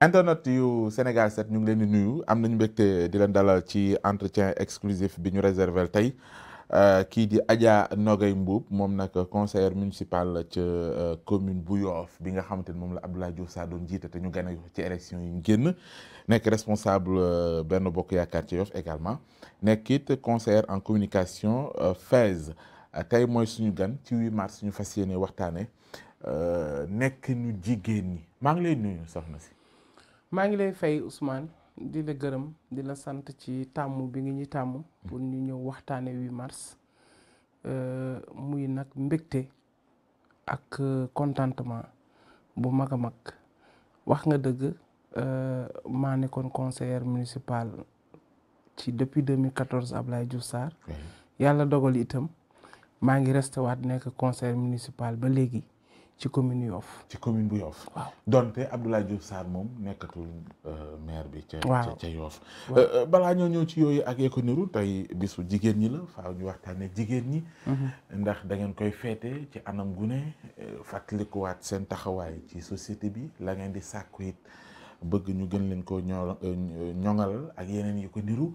internet yu Sénégal 7 ñu ngi leen di nuyu am nañu mbégte di leen dalal ci entretien exclusif bi ñu réserver tey euh, kii di Adja Nogay Mbuub moom nag conseillère municipale ca euh, commune bu Yoff bi nga xamante ni moom la Abdoulaye Diouf Sarr doon jiite te ñu gën ci élection yi ñu génn nekk responsable euh, benn Bokk Yaakaar ci Yoff également nekk it conseillère en communication Fès tey mooy suñu gan ci 8 mars ñu fas yéene waxtaane nekk ñu jigéen ñi maa ngi lay nuyu soxna si. maa ngi lay fay Ousmane di la gërëm di la sant ci tàmm bi ngi ñu tàmm pour ñu ñëw waxtaane 8 mars euh, muy nag mbégte ak euh, contentement bu mag a mag wax nga dëgg euh, maa nekkoon conseillère municipal ci depuis 2014 Ablaye Diouf Sarr yàlla dogal itam maa ngi resté waat nekk conseil municipal ba léegi ci commune Yoff. ci commune bu Yoff. waaw donte Abdoulaye Diouf Sarr moom nekkatul euh, maire bi. ca ca ca euh, euh, balaa ñoo ñëw ci yooyu ak yeko niru tey bisu jigéen ñi la faaw ñu waxtaanee jigéen ñi. Mm-hmm. ndax da ngeen koy féete ci anam gu ne fàttalikuwaat seen taxawaay ci société bi la ngeen di sàkku it bëgg ñu gën leen ko ñoo ñoŋal ak yeneen yi ko niru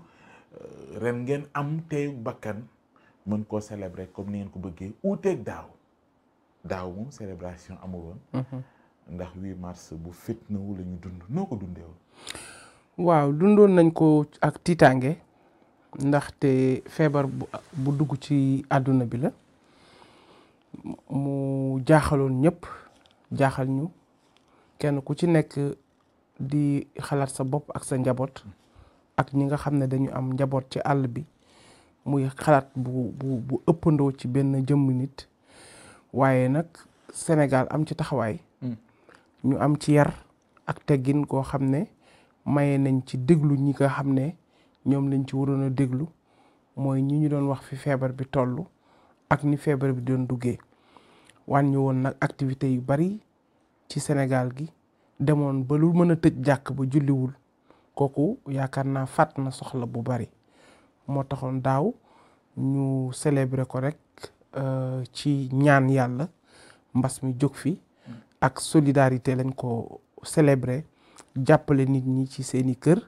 ren ngeen am tey bakkan mën koo célébrer comme ni ngeen ko bëggee uuteeg daaw. daaw moom célébration amul woon mhm. ndax 8 mars bu fitna wu la dund noo ko dundee waaw dundoon nañ ko ak tiitaange ndaxte feebar bu dugg ci àdduna bi la mu jaaxaloon ñëpp jaaxal ñu kenn ku ci nekk di xalaat sa bopp ak sa njaboot ak ñi nga xam ne dañu am njaboot ci àll bi muy xalaat bu bu bu ëppandoo ci benn jëmm nit waaye nag Sénégal am ci taxawaay mm. ñu am ci yar ak teggin koo xam ne maye nañ ci déglu ñi nga xam ne ñoom lañ ci waroon a déglu mooy ñi ñu doon wax fi feebar bi toll ak ni feebar bi doon duggee wàññi woon nag activité yu bari ci Sénégal gi demoon ba lu mën a tëj jàkk ba julliwul kooku yaakaar naa fàtt na soxla bu bari moo taxoon daaw ñu célébrer ko rek Euh, ci ñaan yàlla mbas mi jóg fi ak solidarité lañ ko célébrer jàppale nit ñi ci seeni kër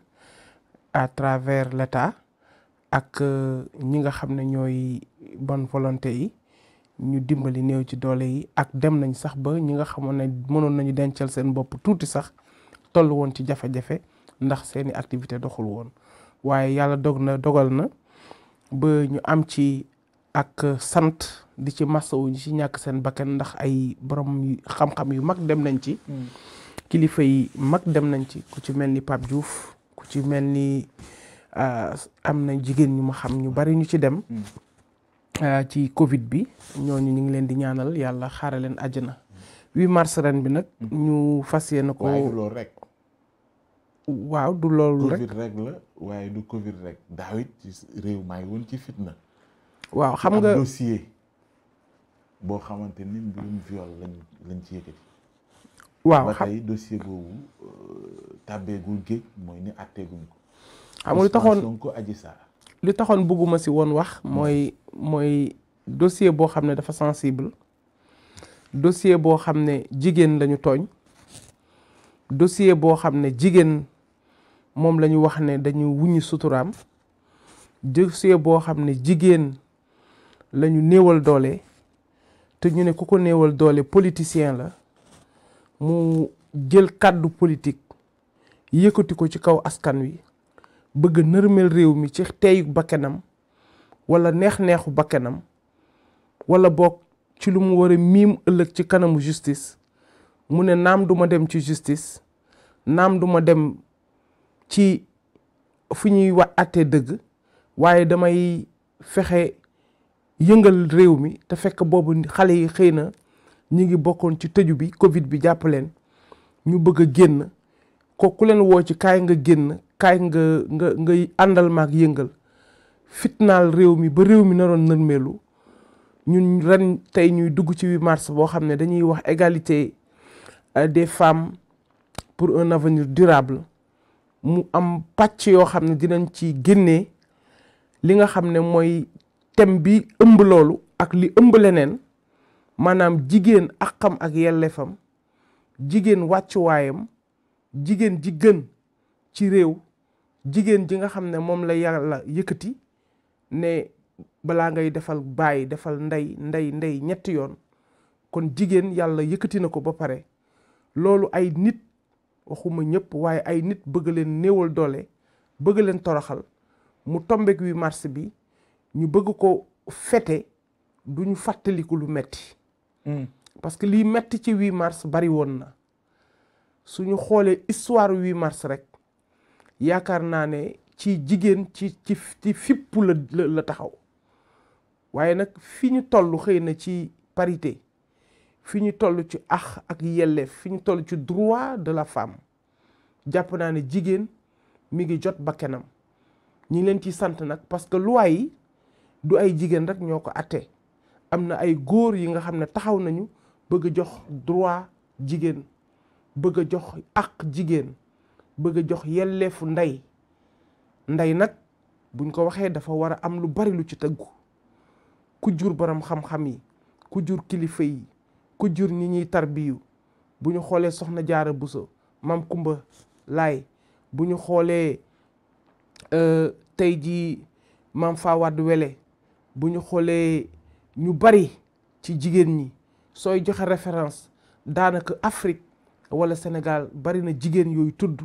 à travers l'État ak euh, ñi nga xam ne ñooy bonne volonté yi ñu dimbali néew ci doole yi ak dem nañ sax ba ñi nga xamoon ne mënoon nañu denceel seen bopp tuuti sax toll woon ci jafe-jafe ndax seeni activité doxul woon waaye yàlla dog na dogal na ba ñu am ci ak sant di ci masawu ñi ci ñàkk seen bakkan ndax ay borom xam-xam yu mag dem nañ ci hmm. kilifa yi mag dem nañ ci ku ci mel ni Pape juuf ku ci mel ni ah, am na jigéen ñu ma xam ñu bari ñu ci dem hmm. ah, ci covid bi ñooñu ñu ngi leen di ñaanal yàlla xaare leen àjjana wi mars ren bi nag hmm. ñu fas yéene ko loolu rek waaw du loolu rek covid waaye du covid rek daawit ci réew maa ngi ci fitna waaw xam nga dossier boo xamante ni mbirum viol lañ lañ ci yëkkati. waaw xam ba tey dossier boobu euh, mooy ni àtteeguñ ko. xam nga lu taxoon Sonko li taxoon bëgguma si woon wax mooy mooy dossier boo xam ne dafa sensible dossier boo xam ne jigéen lañu tooñ dossier boo xam ne jigéen moom lañu wax ne dañu wuññi suturaam dossier boo xam ne jigéen la ñu néewal doole te ñu ne ku ko néewal doole politicien la mu jël kàddu politique yëkkati ko ci kaw askan wi bëgg nërmeel réew mi ci teeyu bakkanam walla neex-neexu bakkanam wala boog ci lu mu war a miim ëllëg ci kanamu justice mu ne naam duma dem ci justice naam duma dem ci fu ñuy wa àttee dëgg waaye damay fexe yëngal réew mi te fekk boobu xale yi xëy na ñu ngi bokkoon ci tëju bi Covid bi jàpp leen ñu bëgg a génn ko ku leen woo ci kaay nga génn kaay nga nga ngay àndal maak yëngal fitnaal réew mi ba réew mi naroon nërmeelu ñun ren tey ñuy dugg ci 8 mars boo xam ne dañuy wax égalité euh, des femmes pour un avenir durable mu am pàcc yoo xam ne dinañ ci génnee li nga xam ne mooy thème bi ëmb loolu ak li ëmb leneen maanaam jigéen ak xam ak yelleefam jigéen wàccuwaayam jigéen ji gën ci réew jigéen ji nga xam ne moom la yàlla yëkkati ne balaa ngay defal bàyyi defal ndey ndey ndey ñetti yoon kon jigéen yàlla yëkkati na ko ba pare loolu ay nit waxuma ñëpp waaye ay nit bëgg leen néewal doole bëgg leen toroxal mu tombeek wi mars bi ñu bëgg ko fete du ñu fàttaliku lu metti hmm. parce que lii metti ci 8 mars bari woon na su ñu xoolee histoire 8 mars rek yaakaar naa ne ci jigéen ci ci ci fipp la la taxaw waaye nag fi ñu tollu xëy na ci parité fi ñu toll ci ax ak yelleef fi ñu toll ci droit de la femme jàpp naa ne jigéen mi ngi jot bakkanam ñi leen ci sant nag parce que loi du ay jigéen rek ñoo ko atte am na ay góor yi nga xam ne taxaw nañu bëgg a jox droit jigéen bëgg a jox àq jigéen bëgg a jox yelleefu ndey ndey nag buñ ko waxee dafa war a am lu bari lu ci tëggu ku jur borom xam-xam yi ku jur kilifa yi ku jur ñi ñuy tarbiyu bu ñu xoolee soxna jaara buso mam kumba laay bu ñu xoolee euh, tey jii mam fawad wele bu ñu xoolee ñu bari ci jigéen ñi sooy joxe référence daanaka Afrique wala Sénégal bari na jigéen yooyu tudd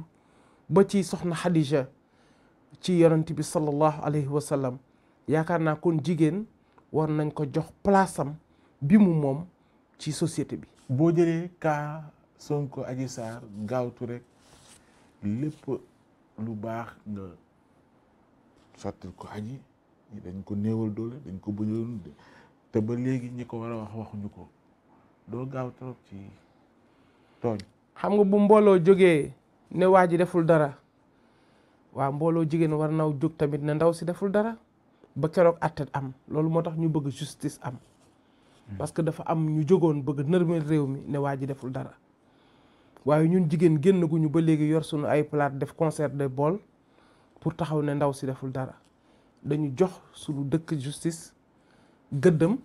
ba ci soxna Xadija ci yonent bi sallallahu alayhi wa yaakaar naa kon jigéen war nañ ko jox palaasam bi mu moom ci société bi. boo jëlee kaa Sonko Adji Sarr gaawtu rek lépp lu baax nga sottil ko aji ñi dañ ko néewal doole dañ ko buñu te ba léegi ñi ko war a wax waxuñu ko doo gaaw trop ci tooñ. xam nga bu mbooloo jógee ne waa ji deful dara waa mbooloo jigéen war naw jóg tamit ne ndaw si deful dara ba keroog àttet am loolu moo tax ñu bëgg justice am. Hmm. parce que dafa am ñu jógoon bëgg nërmeel réew mi ne waa ji deful dara. waaye ñun jigéen génn ba léegi yor suñu ay palaat def concert de bool pour taxaw ne ndaw si deful dara dañu jox suñu dëkk justice gëddëm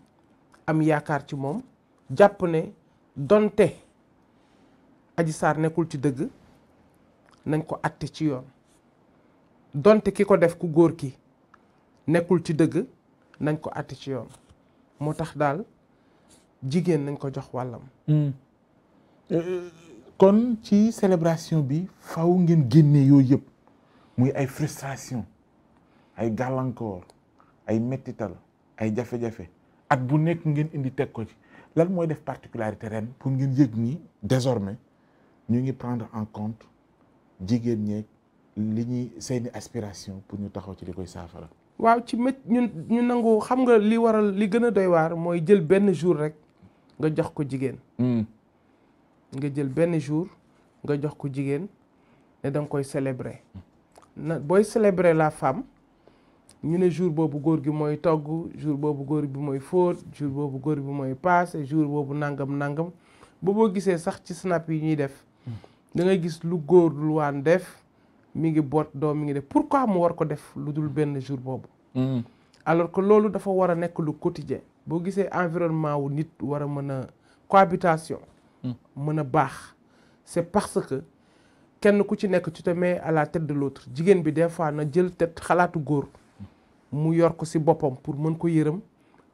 am yaakaar ci moom jàpp ne donte Adji Sarr nekkul ci dëgg nañ ko àtte ci yoon donte ki ko def ku góor ki nekkul ci dëgg nañ ko àtte ci yoon moo tax daal jigéen nañ ko jox wàllam hmm. euh, euh, kon ci selebration bi faw ngeen génne yooyu yëpp muy ay frustration ay gàllankoor ay mettital ay jafe-jafe at bu nekk ngeen indi teg ko ci lan mooy def particularité ren pour ngeen yëg ni désormais ñu ngi prendre en compte jigéen ñeeg li ñuy seeni aspiration pour ñu taxaw ci li koy saafara. waaw ci mét ñun ñu nangu xam nga li waral li gën a doy waar mooy jël benn jour rek nga jox ko jigéen. Hmm. nga jël benn jour nga jox ko jigéen ne danga koy célébrer na booy célébrer la femme. ñu ne jour boobu góor gi mooy togg jour boobu góor bi mooy fóot jour boobu góor bi mooy paase jour boobu nangam nangam ba boo gisee sax ci snap yi ñuy def da ngay gis lu góor lu waan def mi ngi boot doom mi ngi def pourquoi mu war ko def lu dul benn jour boobu. Mm-hmm. alors ko loolu dafa war a nekk lu quotidien boo gisee environnement wu nit war a mën a cohabitation. Mm. mën a baax c'est parce que. kenn ku ci nekk tu te mets à la de l'autre jigéen bi des fois na jël tête góor. mu yor ko si boppam pour mën ko yërëm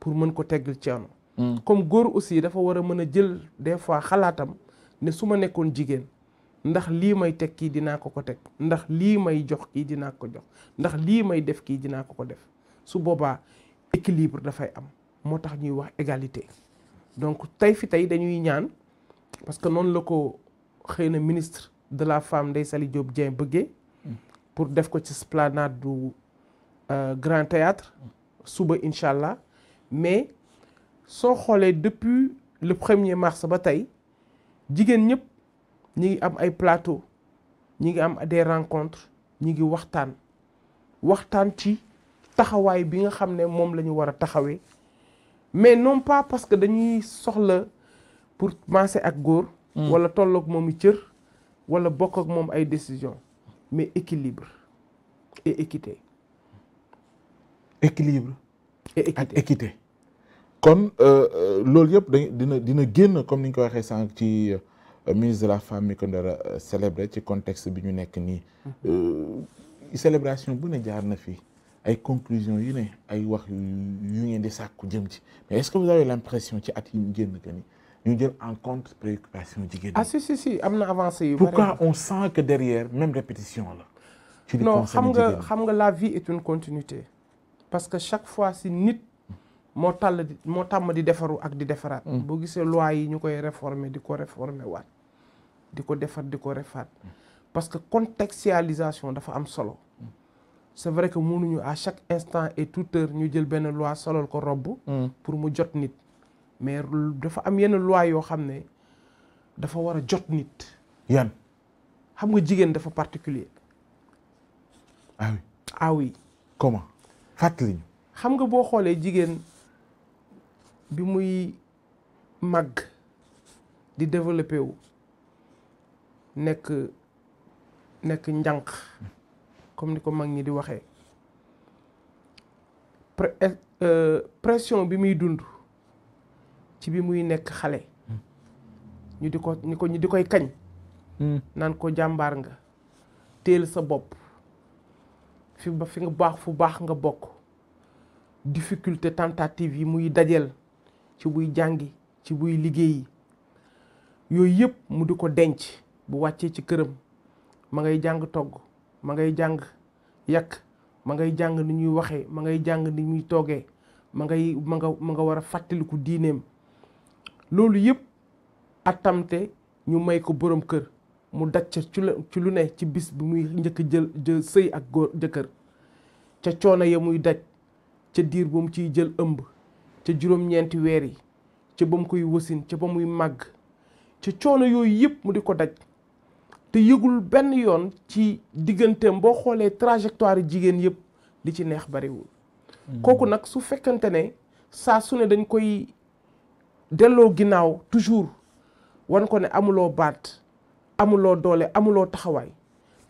pour mën ko teggal ceeno mm. comme góor aussi dafa war a mën a jël des fois xalaatam ne su ma nekkoon jigéen ndax lii may teg kii dinaa ko ko teg ndax lii may jox kii dinaa ko jox ndax lii may def kii dinaa ko ko def su boobaa équilibre dafay am moo tax ñuy wax égalité donc tey fi tey dañuy ñaan parce que noonu la ko xëy na ministre de la femme Ndeye sali Diop Dieng bëggee mm. pour def ko ci esplanade du Euh, Grand Théâtre suba incha allah mais soo xoolee depuis le premier mars ba tey jigéen ñëpp ñi ngi am ay plateau ñi ngi am des rencontres ñi ngi waxtaan waxtaan ci taxawaay bi nga xam ne moom la ñu war a taxawee mais non pas parce que dañuy soxla pour maase ak góor hmm. wala tolloog moom i cër wala bokk ak moom ay décision mais équilibre et équité équilibre ak équité kon euh, euh, loolu yëpp dañ dina dina génn comme ni nga ko waxee sànq ci euh, ministre de la femme mi dara célébré ci contexte bi ñu nekk nii mhm. célébration bu ne jaar na fi ay conclusions yu ne ay wax yu ngeen di sàkku jëm ci mais est-ce que vous avez l'impression ci at yi ñu génn que ñu jël en compte préoccupation jigéen ah si si am na avancé yu pourquoi on sent que derrière même répétition la ci non xam nga xam nga la vie est une continuité parce que chaque fois si nit moo tàll di moo tàmm di defaru ak di defaraat mm. boo gisee loi yi ñu koy réformer di ko réformer waat di ko defar di ko refaat parce que contextualisation dafa am solo c'est vrai que mënuñu à chaque instant et toute heure ñu jël benn loi solol ko robb mm. pour mu jot nit mais dafa am yenn loi yoo xam ne dafa war a jot nit yan xam nga jigéen dafa particulier ah, ah fàttali xam nga boo xoolee jigéen bi muy màgg di développé wu nekk nekk njànq comme ni ko mag ñi di waxee eh, euh, pression bi muy dund ci bi muy nekk xale ñu di ko ñu di koy kañ hmm. naan ko jàmbaar nga téel sa bopp fi ba fi nga baax fu baax nga bokk difficulté tentative yi muy dajeel ci buy jàngi ci buy liggéeyi yooyu yëpp mu di ko denc bu wàccee ci këram ma ngay jàng togg ma ngay jàng yàq ma ngay jàng ni ñuy waxee ma ngay jàng ni ñuy toogee ma ngay ma nga ma nga war a fàttaliku diineem loolu yëpp attamte ñu may ko boroom kër mu daj ci lu ci lu ne ci bis bi muy njëkk jël jël sëy ak góor jëkkër ca coono ya muy daj ca diir ba mu ciy jël ëmb ca juróom-ñeenti weer yi ca ba mu koy wasin ca ba muy màgg ca coono yooyu yëpp mu di ko daj te yëgul benn yoon ci digganteem boo xoolee trajectoire jigéen yëpp li ci neex bariwul hmm. kooku nag su fekkante ne saa su ne dañ koy delloo ginnaaw toujours wan ko ne amuloo baat amuloo doole amuloo taxawaay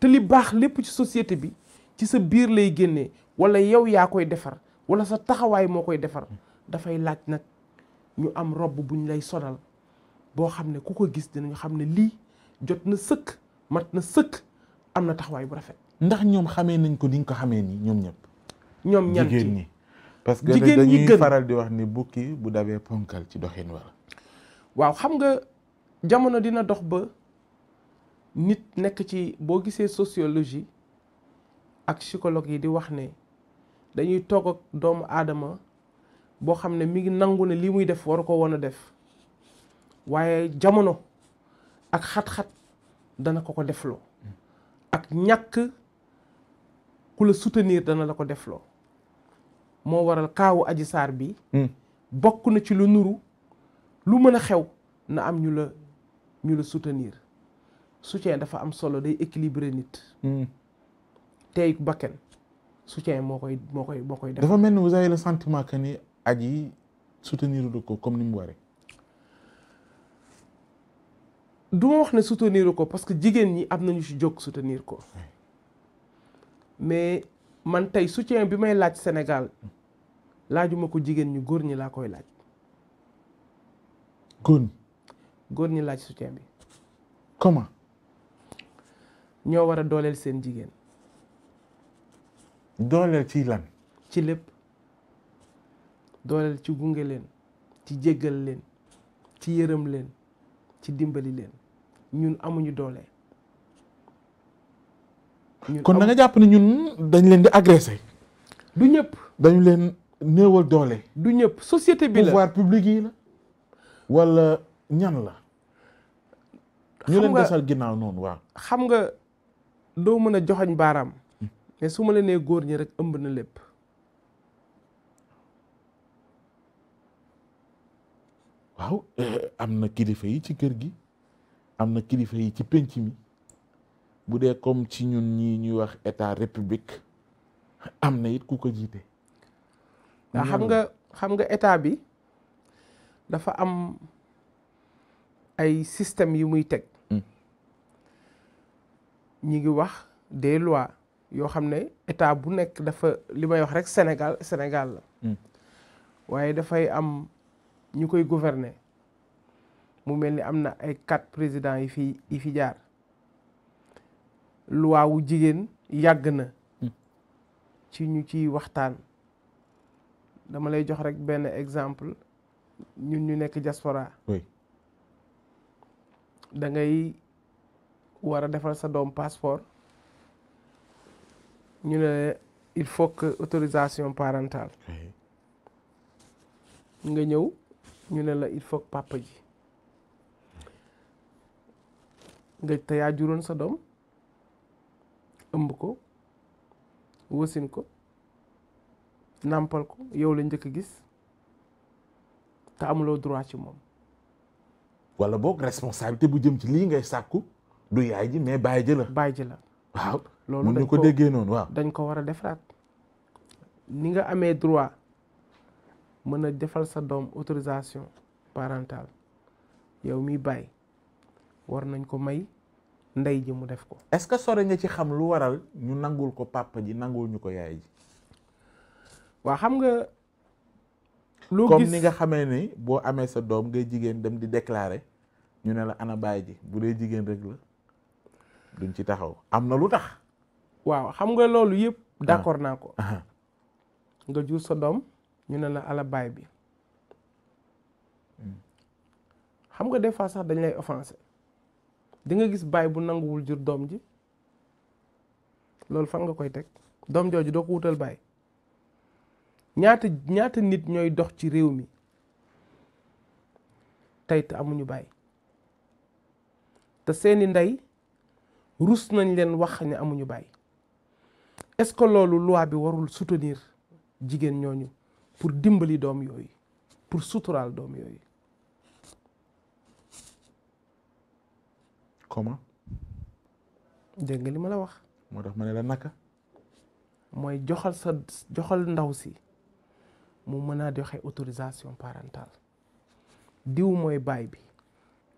te li baax lépp ci société bi ci sa biir lay génne wala yow yaa koy defar wala sa taxawaay moo koy defar dafay laaj nag ñu am robb buñ lay sonal boo xam ne ku ko gis dinañu xam ne lii jot na sëkk mat na sëkk am na taxawaay bu rafet. ndax ñoom xamee nañ ko ni ñu ko xamee nii ñoom ñëpp. ñoom ñan jigéen ñi parce que dañuy faral di wax ni bukki bu dabee ponkal ci doxin wala waaw xam nga jamono dina dox ba. nit nekk ci boo gisee sociologie ak psychologue yi di wax ne dañuy toog ak doomu aadama boo xam ne mi ngi nangu ne li muy def war a ko woon a def waaye jamono ak xat-xat dana ko ko defloo ak ñàkk ku la soutenir dana la ko defloo moo waral kaawu aji saar bi hmm. bokk na ci lu nuru lu mën a xew na am ñu la ñu la soutenir soutien dafa am solo day équilibrer nit. Hmm. tey bakken soutien moo koy moo koy moo def. dafa mel ni vous avez le sentiment que ni aji soutenir du ko comme ni mu waree. du ma wax ne sutenir ko parce que jigéen ñi am nañu si jóg sutenir ko mais man tey soutien bi may laaj senegal laajuma ko jigéen ñi góor ñi laa koy laaj. góor ñi góor ñi laaj soutien bi. comment. ñoo war a dooleel seen jigéen. dooleel ci lan. ci lépp dooleel ci gunge leen ci jéggal leen ci yërëm leen ci dimbali leen ñun amuñu doole. kon da jàpp ne ñun dañ leen di agressé. du ñëpp dañu leen néewal doole. du ñëpp societé bi la pouvoir wala ñan la. ñu leen desal ginnaaw noonu waaw. xam nga. doo mën a joxoñ baaraam mais su ma la nee góor ñi rek ëmb na lépp waaw am na kilifa yi ci kër gi am na kilifa yi ci pénc mi bu dee comme ci ñun ñi ñuy wax état république am na it ku ko jiite ndax xam nga xam nga état bi dafa am ay système yu muy teg ñi ngi wax de loi yoo xam ne état bu nekk dafa li may wax rek Sénégal Sénégal la hmm. waaye dafay am ñu koy gouverner mu mel ni am na ay quatre présidents yi fi yi fi jaar loi wu jigéen yàgg na hmm. ci ñu ciy waxtaan dama lay jox rek benn exemple ñun ñu nekk diaspora da war a defal sa doom passeport ñu ne il faut que autorisation parentale nga ñëw ñu ne la il faut que papa ji nga te yaa juróon sa doom ëmb ko wësin ko nàmpal ko yow la njëkk gis te amuloo droit ci moom wala boog responsabilité bu jëm ci lii ngay sàkku du yaay ji mais baay ji la. baay ji la waaw. loolu mun ñu ko déggee noonu waaw. dañ ko war a defaraat ni nga amee droit mën a defal sa doom autorisation parentale yow mi baay war nañ ko may ndey ji mu def ko. est-ce que sore nga ci xam lu waral ñu nangul ko papa ji nangul ñu ko yaay ji. waa xam nga. loo comme ni nga xamee ni boo amee sa doom ngay jigéen dem di déclarer ñu ne la ana baay ji bu dee jigéen rek la. duñ ci taxaw am na lu tax. waaw xam nga loolu yëpp. Ah. d'accord naa ko. Ah. nga jur sa doom ñu ne la ala baay bi. Hmm. xam nga des fois sax dañ lay offensé di nga gis baay bu nanguwul jur doom ji loolu fan nga koy teg doom jooju doo ko wutal baay ñaata ñaata nit ñooy dox ci réew mi tey te amuñu baay te seeni ndey. rus nañ leen wax ne amuñu baay est-ce que loolu loi bi warul soutenir jigéen ñooñu pour dimbali doom yooyu pour suturaal doom yooyu. comment. dégg nga li ma la wax. moo tax ma ne la naka. mooy joxal sa joxal ndaw si mu mën a joxe autorisation parentale diw mooy baay bi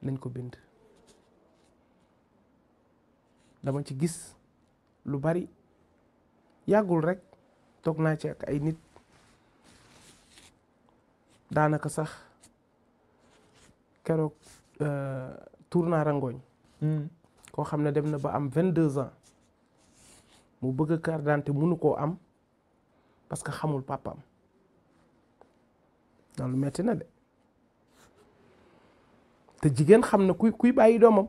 nañ ko bind. dama ci gis lu bari yàggul rek toog naa ci ak ay nit daanaka sax keroog euh, tuur naa rangooñ hmm. koo xam ne dem na ba am vingt deux ans mu bëgg carte d'identité mënu koo am parce que xamul papaam loolu metti na de te jigéen xam na kuy kuy bàyyi doomam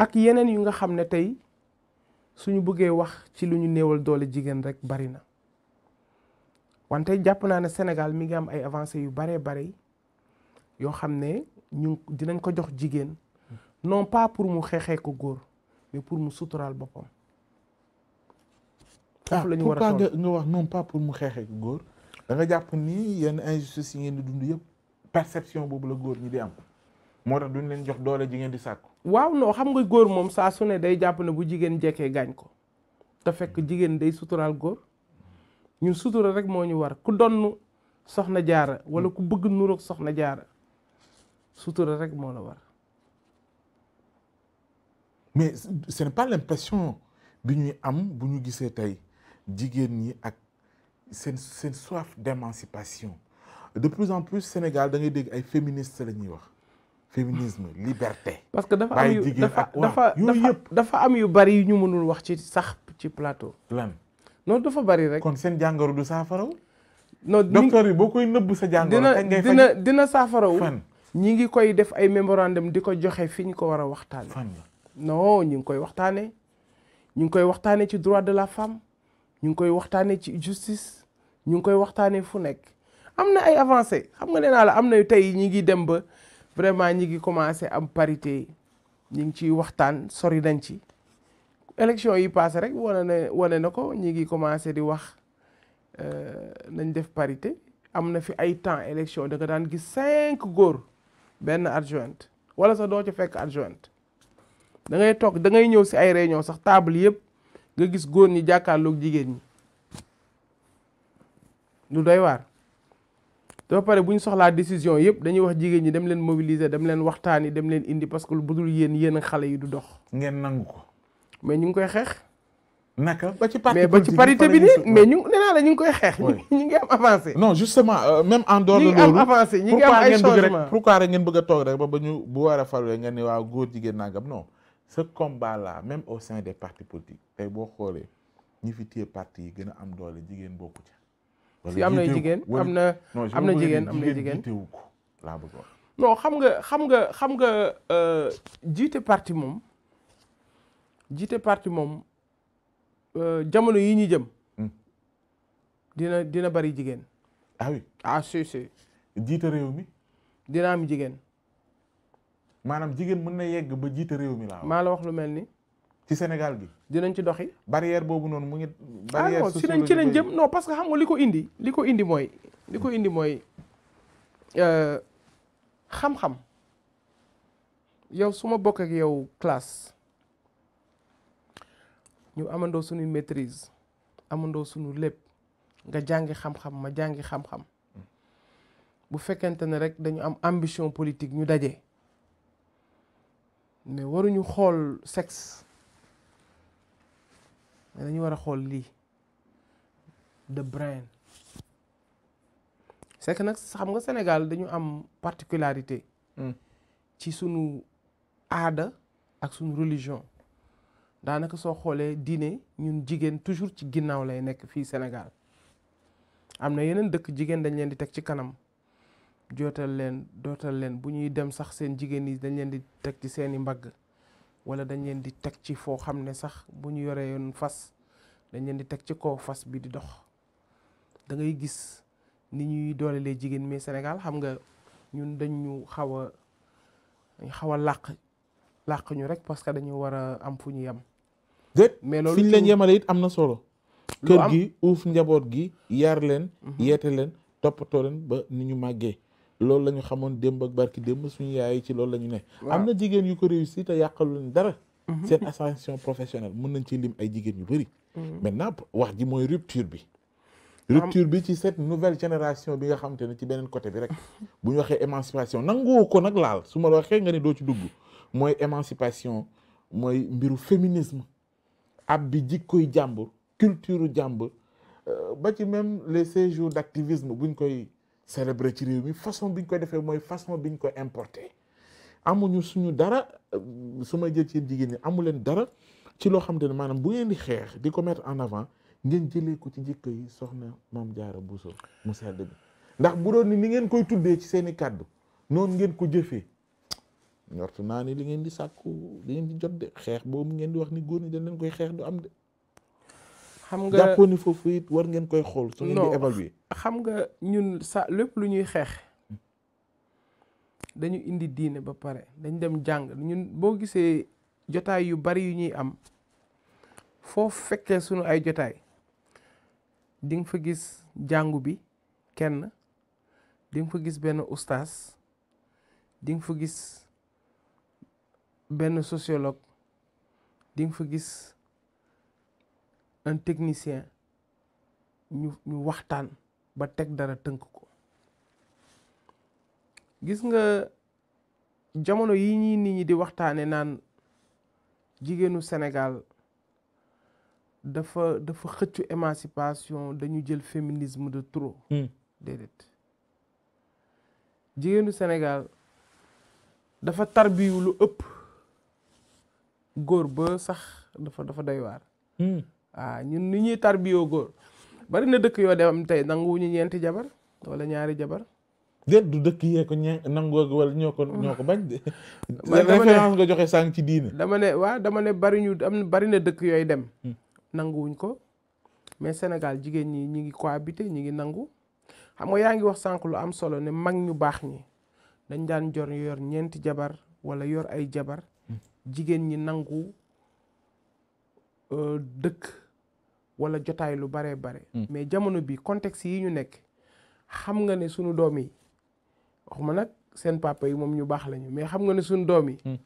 ak yeneen yu nga xam ne tey suñu bëggee wax ci lu ñu néewal doole jigéen rek bari na wante jàpp naa ne senegal mi ngi am ay avancées yu baree bari yoo xam ne ñu dinañ ko jox jigéen non pas pour mu xeexee ko góor mais pour mu suturaal boppam. Ah, foofu la war a nga wax non pas pour mu xeexee ko góor danga jàpp ni yenn injustice yi ngeen di dund yëpp perception boobu la góor ñi di am moo tax duñ leen jox doole ji ngeen di sàkku. waaw noo xam nga góor moom saa su ne day jàpp ne bu jigéen jekkee gaañ ko da fekk jigéen day suturaal góor ñun sutura rek moo ñu war ku donn soxna jaara wala ku bëgg nuroog soxna jaara sutura rek moo la war. mais ce n'est pas l'impression bi ñuy am bu ñu gisee tey jigéen ñi ak seen seen soif d'émancipation de plus en plus Sénégal da ngay dégg ay féministes la ñuy wax. féminisme liberté. parce que dafa am yu dafa dafa dafa am yu bari yu ñu mënul wax ci sax ci plateau. lan non dafa bari rek. kon seen jàngoro du saafaraw. non docteur yi boo koy nëbb sa jàngoro. kañ ngay dina dina saafaraw. ñi ngi koy def ay mémorandum di ko joxe fi ñu ko war a waxtaane fan non ñu ngi koy waxtaanee. ñu ngi koy waxtaanee ci droit de la femme. ñu ngi koy waxtaanee ci justice. ñu ngi koy waxtaanee fu nekk. am na ay avancé xam nga nee naa la am na tey ñi ngi dem ba. vraiment ñi ngi commencé am parité ñi ngi ciy waxtaan sori dañ ci élection yi passé rek wane na wane na ko ñi ngi commencé di wax euh, nañ def parité am na fi ay temps élection danga daan gis cinq góor benn adjointe wala sax doo ci fekk adjointe da ngay toog da ngay ñëw si ay réunion sax table yëpp nga gis góor ñi jàkkaarloog jigéen ñi lu doy waar dafa pare bu ñu soxlaa décision yëpp dañuy wax jigéen ñi dem leen mobiliser dem leen yi dem leen indi parce que lu budul yéen yéen xale yi du dox. ngeen nangu ko. mais ñu ngi koy xeex. naka ba ci parti mais ba ci parité bi nii mais ñu ñu ngi koy xeex. ñu avancé. non justement même en dehors de loolu. ñu ngi am avancé euh, ngeen bëgg toog rek ba ba ñu bu war a faru ngeen ne waaw góor jigéen nangam non. ce combat là même au sein des partis politiques tey boo xoolee ñi fi téye parti yi gën a am doole jigéen bokku ci si am na jigéen am na am na jigéen am na jigéen jiitewu ko laa bëgg wax xam nga xam nga xam nga euh, jiite parti moom jiite parti moom euh, jamono yi ñu jëm hmm. dina dina bari jigéen ah oui ah, si si jiite réew mi dina am jigéen maanaam jigéen mën na yegg ba jiite réew mi laa maa la wax lu mel ni ci Sénégal gi. dinañ ci doxi barrière boobu noonu mu ngi. Ah barrière ah non ci lañ ci lañ jëm noo parce que xam nga li ko indi. li ko indi mooy. li ko indi mooy euh, xam-xam yow su ma bokk ak yow classe ñu amandoo suñu maitrise amandoo suñu lépp nga jàngi xam-xam ma jàngi xam-xam bu fekkente ne rek dañu am ambition politique ñu daje mais waruñu xool sex mais dañu war a xool lii the brain c'est nag xam nga Sénégal dañu am particularité hmm. ci sunu aada ak sunu religion daanaka soo xoolee diine ñun jigéen toujours ci ginnaaw lay nekk fii Sénégal am na yeneen dëkk jigéen dañ leen di teg ci kanam jootal leen dootal leen bu ñuy dem sax seen jigéen yi dañ leen di teg ci seeni mbagg wala dañ leen di teg ci foo xam ne sax bu ñu yoree yoon fas dañ leen di teg ci kaw fas bi di dox da ngay gis ni ñuy doolelee jigéen mais Sénégal xam nga ñun dañ ñu xaw a dañ xaw a làq làq ñu rek parce que dañu war a am fu ñu yem. dé mais loolu fi leen yemale it am na solo. kër gi uuf njaboot gi yar leen. Mhm. yeete leen toppatoo leen ba ni ñu màggee. loolu la ñu xamoon démb ak barki démb suñu yaay ci loolu la ñu ne. am na jigéen yu ko réussir te yàqalu leen dara. Mhm. seen ascension professionnelle mën nañ ci lim ay jigéen yu bëri. Mhm. maintenant wax ji mooy rupture bi. rupture bi ci cette nouvelle génération bi nga xamante ne ci beneen côté bi rek. bu ñu waxee émancipation nangoo ko nag laal su ma waxee nga ne doo ci dugg mooy émancipation mooy mbiru féminisme ab bi jikkoy jàmbur culture jàmbur euh, ba ci même les séjours d'activisme buñ koy. célébré ci réew mi façon bi ñu koy defee mooy façon bi ñu koy importé amuñu suñu dara euh, su may jël ci jigéen ñi amu leen dara ci loo xam te ne maanaam bu ngeen di xeex di ko en avant ngeen jëlee ko ci jikko yi soxna Maam Jaara Buso mu sedd bi ndax bu doon ni ni ngeen koy tuddee ci seen i kàddu noonu ngeen ko jëfee ñortu naa ni li ngeen di sàkku li ngeen di jot de xeex boobu ngeen di wax ni góor ñi dañ leen koy xeex du am de xam nga jàppoo war ngeen koy xool. su ngeen xam nga ñun sa lépp lu ñuy xeex. dañu indi diine ba pare dañ dem jàng ñun boo gisee jotaay yu bari yu ñuy am foo fekkee sunu ay jotaay di fa gis jàngu bi kenn di fa gis benn ustaas di fa gis benn sociologue di fa gis. un technicien ñu ñu waxtaan ba teg dara tënk ko gis nga jamono yi ñii nit ñi di waxtaane naan jigéenu Sénégal dafa dafa xëccu émancipation dañu jël féminisme de trop hmm. déedéet jigéenu Sénégal dafa tarbiyu lu ëpp góor ba sax dafa dafa doy waar hmm. waaw ah, ñun ni ñuy tarbiyoo góor bari na dëkk yoo dem tey nanguwuñu ñeenti jabar wala ñaari jabar. déet du dëkk yee ko ñe nangoo wala ñoo ko ñoo ko joxe sànq ci dama ne waaw dama ne bari ñu bari na dëkk yooyu dem. Hmm. nanguwuñ ko mais Sénégal jigéen ñi ñi ngi ko cohabité ñi ngi nangu xam nga yaa ngi wax sànq lu am solo ne mag ñu baax ñi dañ daan jor yor ñeenti jabar wala yor ay jabar hmm. jigéen ñi nangu. Euh, dëkk wala jotaay lu baree bare. Hmm. mais jamono bi contexte yi ñu nekk xam nga ne sunu doom yi ma nag seen papa yi moom ñu baax lañu mais xam nga ne sunu doom yi. Hmm.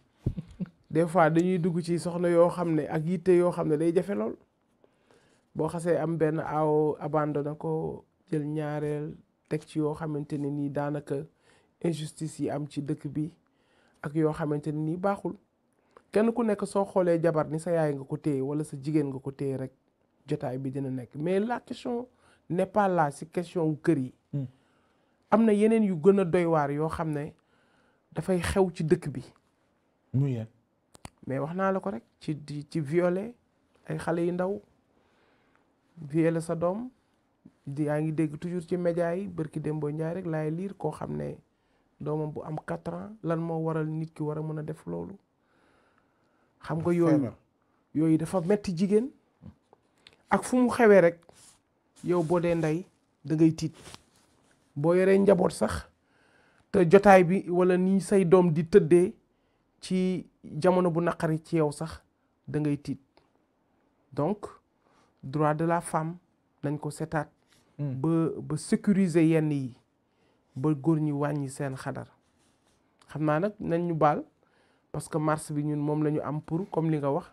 des fois dañuy dugg ci soxna yoo xam ne ak yitte yoo xam ne day jafe lool boo xasee am benn aaw abandonné ko jël ñaareel teg ci yoo xamante ne nii daanaka injustice yi am ci dëkk bi ak yoo xamante ne nii baaxul. kenn ku nekk soo xoolee jabar ni sa yaay nga ko téye wala sa jigéen nga ko téye rek jotaay bi dina nekk mais la question n'est pas si question wu kër yi. Hmm. am na yeneen yu gën a doy waar yoo xam ne dafay xew ci dëkk bi. muy yéen. mais wax naa la ko rek ci di ci violer ay xale yu ndaw violer sa doom di yaa ngi dégg toujours ci média yi barki Dembo Ndiaye rek laay liir koo xam ne doomam bu am quatre ans lan moo waral nit ki war a mën a def loolu. xam nga yooyu yooyu dafa metti jigéen ak fu mu xewee rek yow boo dee ndey da ngay tiit boo yoree njaboot sax te jotaay bi wala ni say doom di tëddee ci jamono bu naqari ci yow sax da ngay tiit donc droit de la femme nañ ko setaat hmm. ba ba sécuriser yenn yi ba góor ñi wàññi seen xadar xam naa nag nañ ñu baal parce que mars bi ñun moom la ñu am pour comme li nga wax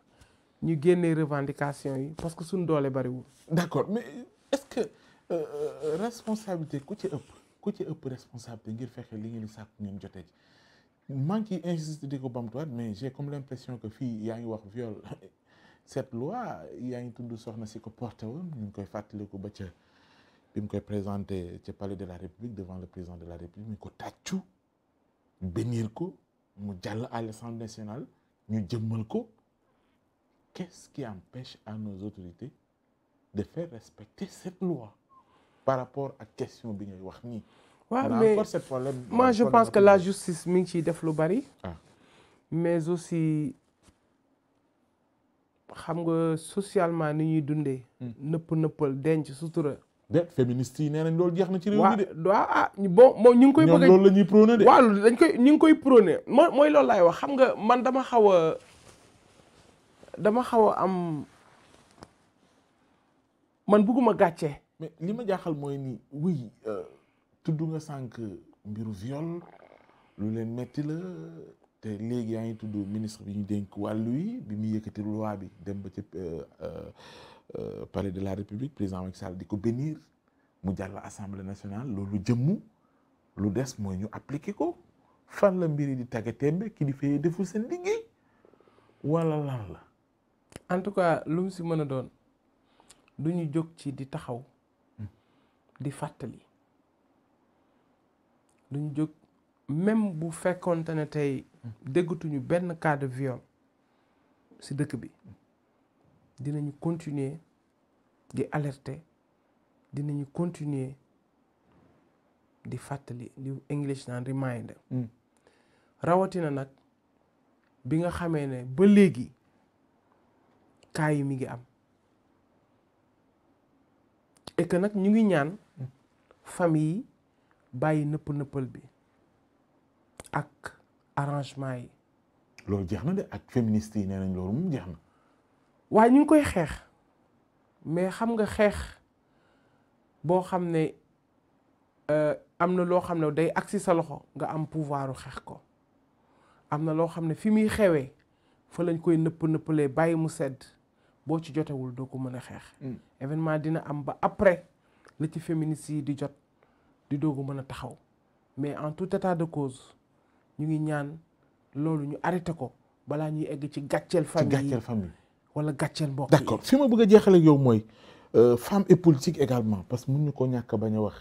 ñu génnee revendication yi parce que suñ doole bariwul. d'accord mais est-ce que euh, euh, responsabilité ku ci ëpp ku ci ëpp responsabilité ngir fexe li ngeen di sàkk ngeen jotee ci maa ngi ciy insisté di ko bamtuwaat mais j'ai comme l'impression que fii yaa ngi wax viol cette loi yaa ngi tudd soxna si ko porté woon ñu ngi koy fàttaliku ba ca bi mu koy présenter ca palais de la république devant le président de la république mu ko tàccu bénir ko. mu jàll à l'Assemblée nationale ñu jëmmal ko qu'est-ce qui empêche à nos autorités de faire respecter cette loi par rapport ak question bi ñuy wax ni waaw mais moi je pense que la justice mi ngi ciy def lu bari. Ah. mais aussi xam nga socialement ni ñuy dundee. Hmm. nëpp nëppal denc sutura. de féministes yi nee nañ loolu jeex na ci réew mi de. waaw ah bon ñu ngi koy. bëgg loolu la ñuy prôné de. waaw dañ koy ñu ngi koy prôné mooy mooy loolu laay wax xam nga man dama xaw dama xaw a am man bugguma gàcce. mais li ma jaaxal mooy ni oui euh, tudd nga sànq mbiru viol lu leen metti la. te léegi yaa ngi tudd ministre bi ñu dénk wàllu yi bi muy yëkkati loi bi dem ba ca euh, euh, palais de la république président Macky Sall di ko bénir mu jàll assemblée nationale loolu jëmm lu des mooy ñu appliquer ko fan la mbir yi di tàggatémbe kilifa yi deful seen liggéey wala lan la. en tout cas lu mu si mën a doon lu ñu jóg ci di taxaw hmm. di fàttali du ñu jóg même bu fekkonte ne tey déggatuñu benn cas de viol ci dëkk bi dinañu continue di alerter dinañu continue di fàttali li English naan reminder hmm. rawatina nag bi nga xamee ne ba léegi cas yi mi ngi am et nag ñu ngi ñaan hmm. famille yi bàyyi nëpp nëppal bi ak arrangement yi. loolu jeex na de ak féministes yi nee nañ loolu moom jeex na. waaye ñu ngi koy xeex mais xam nga xeex boo xam ne euh, am na loo xam ne day agsi sa loxo nga am pouvoiru xeex ko am na loo xam ne fi muy xewee fa lañ koy nëpp nëppalee bàyyi mu sedd boo ci jotewul doo ko mën a xeex. Mm. événement dina am ba après la ci féministes yi di jot di doo ko mën a taxaw mais en tout état de cause. ñu ngi ñaan loolu ñu arrêté ko balaa ñuy egg ci gàcceel famille ci gàcceel famille wala gàcceel mbokk yi d'accord fi ma bëgg a jeexale yow mooy euh, femme et politique également parce que mun ñu ko ñàkk bañ a wax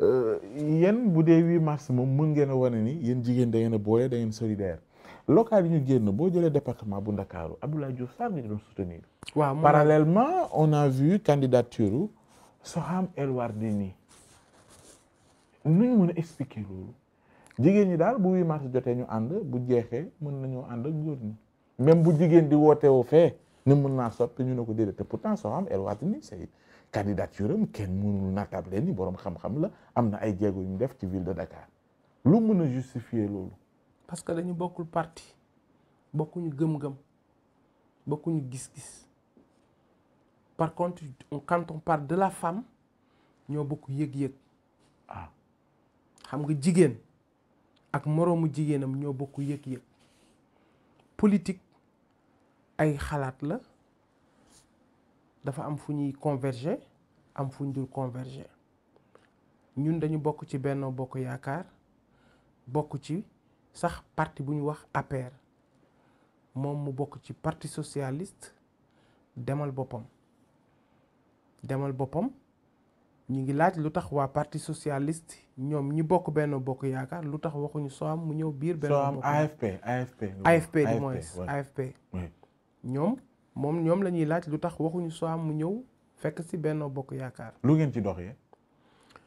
euh, yéen bu dee 8 mars moom mun ngeen a wane ni yéen jigéen da ngeen a boole da ngeen solidaire local yi ñu génn boo jëlee département bu Ndakaaru Abdoulaye Diouf Sarr nga doon soutenir. waaw parallèlement on a vu candidature Soham El Wardini nuñ mën a expliquer loolu. jigéen ñi daal bu 8 mars jotee ñu ànd bu jeexee mën nañoo ànd ak góor ñi même bu jigéen di wooteewoo fee ne mën naa soppi ñu ne ko déedéet te pourtant soo am El Wardini say candidature am kenn mënul natable ni borom xam-xam la am na ay jéego yu ñu def ci ville de Dakar lu mën a justifier loolu. parce que dañu bokkul parti bokkuñu gëm-gëm bokkuñu gis-gis par contre quand on parle de la femme ñoo bokk yëg-yëg. ah xam nga jigéen. ak moroomu jigéenam ñoo bokk yëg-yëg politique ay xalaat la dafa am fu ñuy converger am fu ñu dul converger ñun dañu bokk ci Benno Bokk Yaakaar bokk ci sax parti bu ñu wax APR moom mu bokk ci parti socialist demal boppam demal boppam ñu ngi laaj lu tax waa parti socialiste ñoom ñi bokk benn bokk yaakaar lu tax waxuñu soam mu ñëw biir. benn bokk AFP AFP. AFP du moins moom ñoom la ñuy laaj lu tax waxuñu soam mu ñëw fekk si benn bokk yaakaar. lu ngeen ci dox yee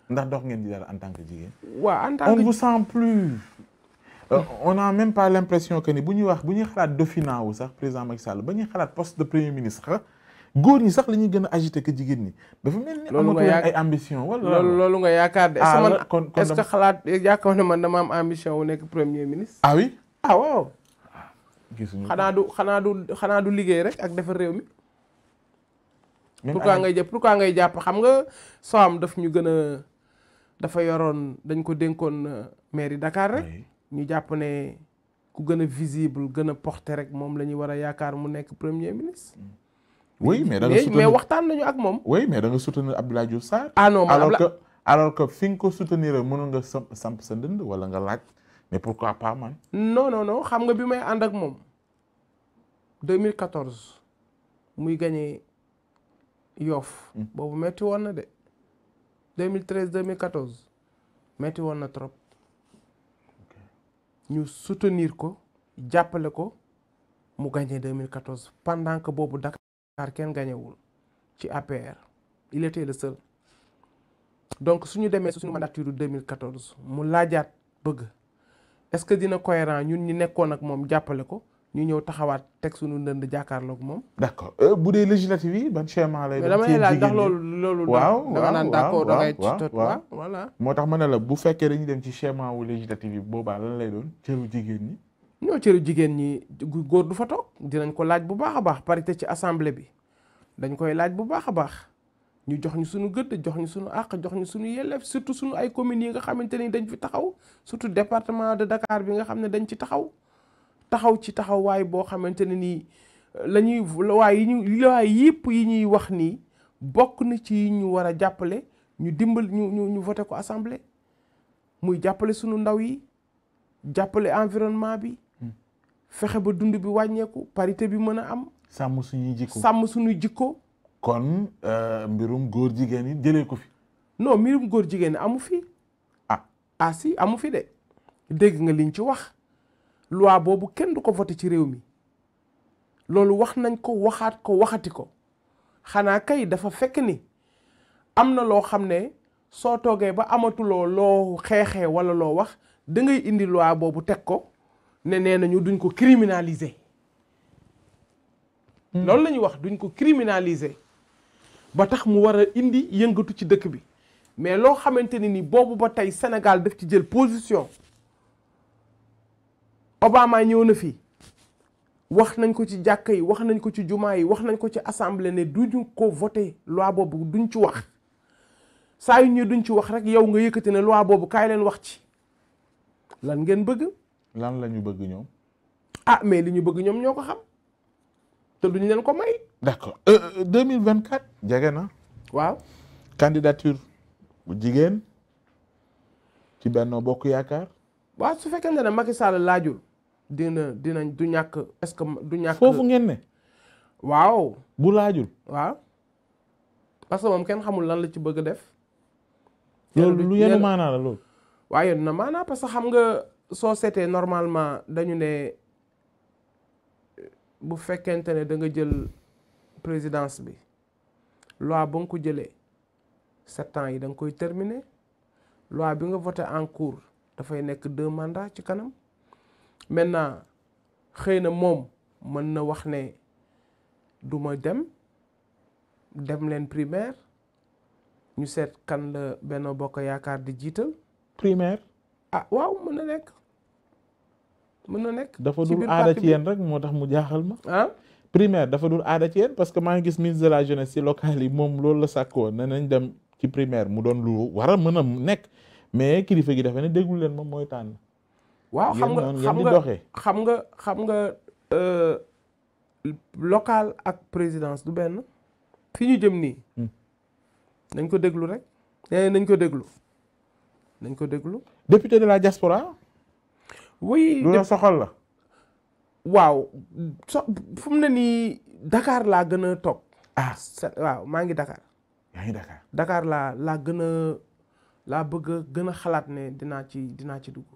ndax dox ngeen di dara en tant que jigéen. waa en tant que on vous sent plus. Euh, on a même pas l'impression que ni bu ñuy wax bu ñuy xalaat dauphinat wu sax président Macky Sall ba ñuy xalaat poste de premier ministre. góor ñi sax la ñuy gën a agité que jigéen ñi dafa mel ni amatu leen ay ambition wala loolu nga yaakaar de ah, est-ce que xalaat yaakaar ne man dama am ambition wu nekk premier ministre ah oui ah, waaw xanaa du xanaa du xanaa liggéey rek ak defar réew mi pourquoi ngay jàpp ngay jàpp xam nga soam daf ñu gën a dafa yoroon dañ ko dénkoon euh, mairie dakaar rek ñu jàpp ne ku gën a visible gën a porté rek moom la ñuy war a yaakaar mu nekk premier ministre mm. oui mais da nga soutenir mais waxtaan nañu ak moom. oui mais da nga soutenir Abdoulaye Diouf Sarr. ah non alors que alors ko soutenir mënoon nga samp sa dënd wala nga laaj mais pourquoi pas man. non no non xam nga bi may ànd ak moom 2014 muy gagné yof hmm. boobu metti woon na de 2013 2014 metti woon na trop ñu soutenir ko jàppale ko mu gagné 2014 pendant que boobu Dakar. xaar kenn gañewul ci APR il était le seul donc suñu demee suñu mandature 2014 mu laajaat bëgg est-ce que dina cohérent ñun ñi nekkoon ak moom jàppale ko ñu ñëw taxawaat teg suñu ndënd jàkkaarloog moom. d'accord euh, bu dee législative yi ban schéma lay. def ci laaj ndax loolu loolu. waaw naan d'accord da ngay ci tot moo tax ma ne la bu fekkee dañuy dem ci schéma u législative yi boobaa lan lay doon cëru jigéen ñi. ñoo cere jigéen ñi góor du fa toog dinañ ko laaj bu baax a baax parité ci assemblée bi dañ koy laaj bu baax a baax ñu jox ñu suñu gëdd jox ñu suñu àq jox ñu suñu yelleef surtout suñu ay communes yi nga xamante ni dañ fi taxaw surtout département de Dakar bi nga xam ne dañ ci taxaw taxaw ci taxawaay boo xamante ne nii euh, lañuy ñuy waaye yi ñu waaye yëpp yi ñuy wax nii bokk na ci ñu war a jàppale ñu dimbal ñu ñu ñu voté ko assemblée muy jàppale suñu ndaw yi jàppale environnement bi fexe ba dund bi wàññeeku parité bi mën a am. sàmm suñuy jikko sàmm suñuy jikko. kon euh, mbirum góor jigéen yi jëlee ko fi. non mbirum góor jigéen amu fi. ah ah amu fi de. dégg nga liñ ci wax. loi boobu kenn du ko voté ci réew mi. loolu wax nañ ko waxaat ko waxati ko. xanaa kay dafa fekk ni. am na loo xam ne soo toogee ba amatuloo loo xeexee wala loo wax dangay indi loi boobu teg ko. ne nee nañu duñ ko criminaliser. Hmm. loolu la ñuy wax duñ ko criminaliser. ba tax mu war a indi yëngatu ci dëkk bi mais loo xamante ne nii boobu ba tey Sénégal def ci jël position. Obama ñëw na fi wax nañ ko ci jàkka yi wax nañ ko ci jumaa yi wax nañ ko ci assemblée ne duñu ko voté loi boobu duñ ci wax saa yu ñëw duñ ci wax rek yow nga yëkkati ne loi boobu kaay leen wax ci lan ngeen bëgg. lan la ñu bëgg ñoom. ah mais li ñu bëgg ñoom ñoo ko xam te lu ñu leen ko may. d'accord euh, euh, deux mille vingt quatre jege na. waaw. candidature bu jigéen ci benn Bokk Yaakaar. waaw su fekkente ne Macky Sall laajul dina dina du ñàkk est-ce que du ñàkk. foofu ngeen ne. waaw. bu laajul. waaw parce moom kenn xamul lan la ci bëgg def. loolu lu yenu maanaa la loolu. waaye na maanaa parce xam nga. soo seetee normalement dañu ne euh, bu fekkente ne da nga jël présidence bi loi ba nga ko jëlee sept ans yi da nga koy terminer loi bi nga voté en cours dafay nekk deux mandats ci kanam maintenant xëy na moom mën na wax ne duma dem dem leen primaire ñu seet kan la Benno Bokk Yaakaar di jiital primaire ah waaw mën na nekk mën na nekk dafa dul aada ci yéen rek moo tax mu jaaxal ma ah primaire dafa dul parce que maa ngi gis ministre de la jeunesse ci locale yi moom loolu la sàkkoo ne nañ dem ci primaire mu doon lu war a mën a nekk mais kilifa gi dafa ne déglu leen moom mooy tànn waaw xam nga xam nga xam nga xam euh, local ak présidence du benn fi ñu jëm nii hmm. nañ ko déglu rek nee eh, nañ ko déglu nañ ko déglu député de la diaspora lu la la. waaw so fu mu ne nii dakaar laa gën a toog. ah waaw maa ngi Dakar. yaa ngi Dakar Dakar laa laa gën a laa bëgg a gën a xalaat ne dinaa ci dinaa ci dugg.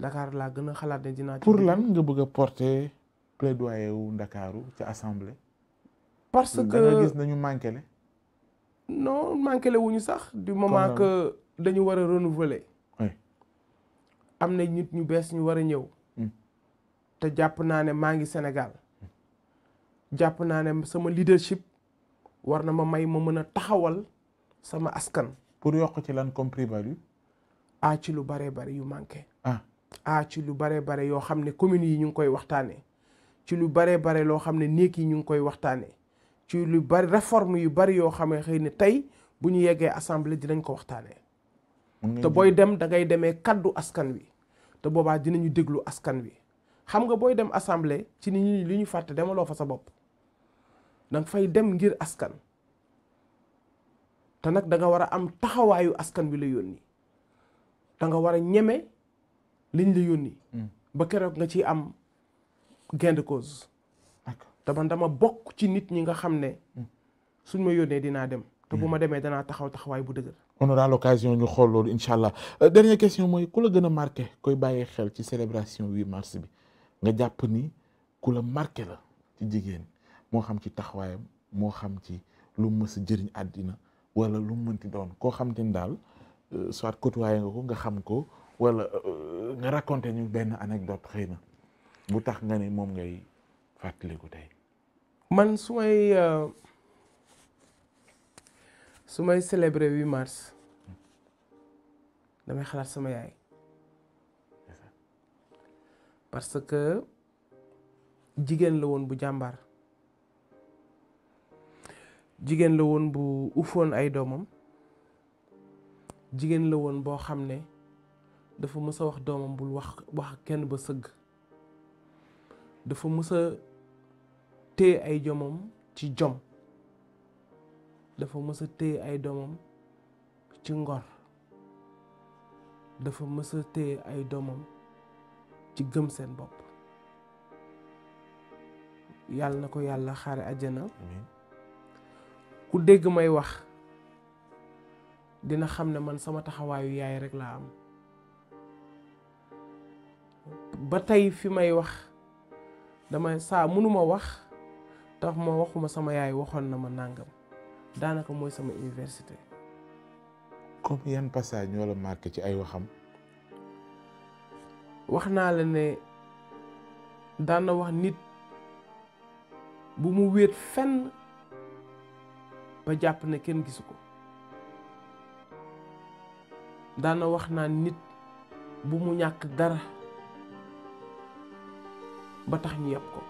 Dakar laa gën a xalaat ne dinaa. ci pour lan nga bëgg a porter plaidoyer wu Ndakaaru ci assemblée. parce que da gis nañu manqué le. non manqué le wuñu sax. du moment que dañu war a renouveler. am na nit ñu bees ñu war a ñëw hmm. te jàpp naa ne maa ngi Sénégal jàpp naa ne sama leadership war na ma may ma mën a taxawal sama askan pour yokk ci lan compris value ah ci lu bare bare yu manqué ah ah ci lu bare bare yoo xam ne communes yi ñu ngi koy waxtaanee ci lu bare bare loo xam ne néeg yi ñu ngi koy waxtaanee ci lu bari réforme yu bari yoo xam ne xëy ni tey bu ñu yeggee assemblée dinañ ko waxtaanee te booy dem da demee kaddu askan wi te boobaa dinañu déglu askan wi xam nga booy dem assemblée ci nit ñi li ñu fàtte demaloo fa sa bopp danga fay dem ngir askan te nag danga war a am taxawaayu askan wi la yónni da nga war a ñeme liñ la yónni mm. ba keroog nga ci am gain de te man dama bokk ci nit ñi nga xam ne mm. suñ ma yónnee dinaa dem te bu mm. ma demee danaa taxaw taxawaay bu dëgër on aura l'occasion ñu xool loolu incha allah euh, dernière question mooy ku la gën a marqué koy bàyyee xel ci célébration 8 mars bi nga jàpp ni ku la marqué la ci jigéen moo xam ci taxawaayam moo xam ci lu mës jëriñ àddina wala lu mënti doon koo xam te daal euh, soit côtoyé nga ko nga xam ko wala euh, nga raconté ñu benn anecdote xëy na bu tax nga ne moom ngay fàttaliku tey man su su may célébrer 8 mars damay xalaat sama yaay parce que jigéen la woon bu jàmbaar jigéen la woon bu ufoon ay doomam jigéen la woon boo xam ne dafa mës a wax doomam bul wax wax kenn ba sëgg dafa mësa a ay jomam ci jom dafa mësa a ay doomam ci ngor dafa mësa a ay doomam ci gëm seen bopp yàlla na ko yàlla xaare àjjana ku dégg may wax dina xam ne man sama taxawaayu yaay rek laa am ba tey fi may wax dama saa mënuma wax tax ma waxuma sama yaay waxoon na ma nàngam daanaka mooy sama université. comme yan passage ñoo la marqué ci ay waxam. wax naa la ne daana wax nit bu mu wéet fenn ba jàpp ne kenn gisu ko daana wax naa nit bu mu ñàkk dara ba tax ñu yàpp ko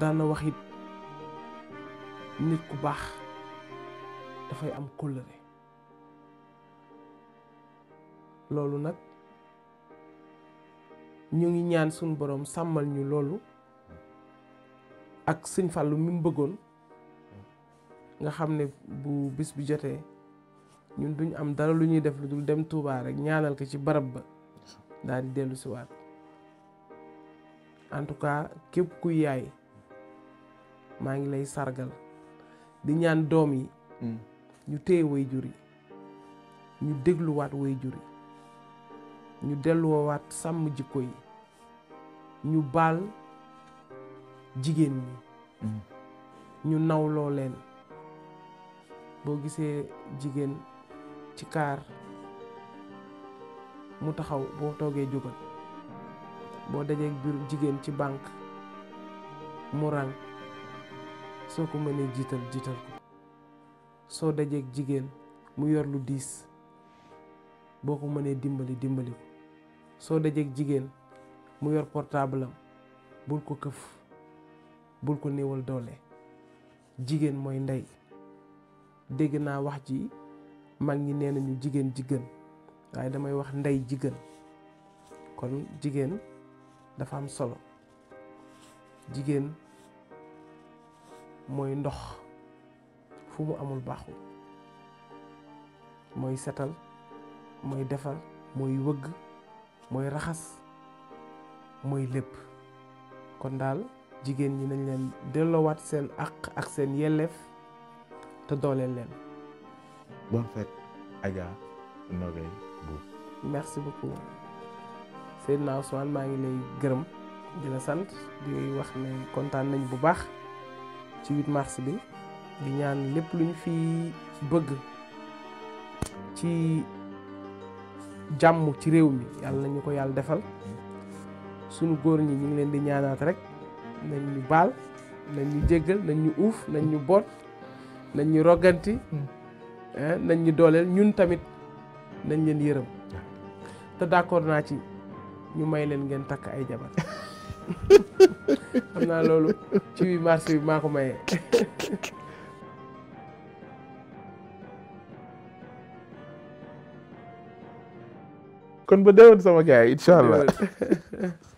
daan na wax nit ku baax dafay am kóllëre loolu nag ñu ngi ñaan suñ boroom sàmmal ñu loolu ak sëñ Fàllu mi mu bëggoon nga xam ne bu bis bi jotee ñun duñ am dara lu ñuy def lu dul dem tuubaa rek ñaanal ko ci barab ba daal di dellu si waat en tout cas képp ku yaay maa ngi lay sargal di ñaan doom yi mm. ñu téye way jur yi ñu dégluwaat way jur yi ñu delluwaat sàmm jikko yi ñu baal jigéen ñi mm. ñu nawloo leen boo gisee jigéen ci kaar mu taxaw boo toogee jógal boo dajee jigéen ci banque mu ràng soo ko mënee jiital jiital ko soo dajeeg jigéen mu yor lu diis boo ko mënee dimbali dimbali ko soo dajeeg jigéen mu yor portable bul ko këf bul ko néewal doole jigéen mooy ndey dégg naa wax ji mag ñi nee nañu jigéen jigéen waaye damay wax ndey jigéen kon jigéen dafa am solo jigéen mooy ndox fu mu amul baaxul mooy setal mooy defar mooy wëgg mooy raxas mooy lépp kon daal jigéen ñi nañ leen delloowaat seen àq ak seen yelleef te dooleel leen. bonne fête Adja Nogay Mbuub. merci beaucoup Seydina Ousmane maa ngi lay gërëm di la sant di wax ne kontaan nañ bu baax. ci 8 mars bi di ñaan lépp luñ fi bëgg ci jàmm ci réew mi yàlla nañu ko yàlla defal sunu góor ñi ñu ngi leen di ñaanaat rek nañ ñu baal nañ ñu jéggal nañ uuf nañ ñu boot nañ ñu roganti eh, nañ dooleel ñun tamit nañ leen yërëm te d'accord naa ci ñu may leen ngeen takk ay jabar xam naa loolu ci huit mars bi maa ko maye. kon ba déwén sama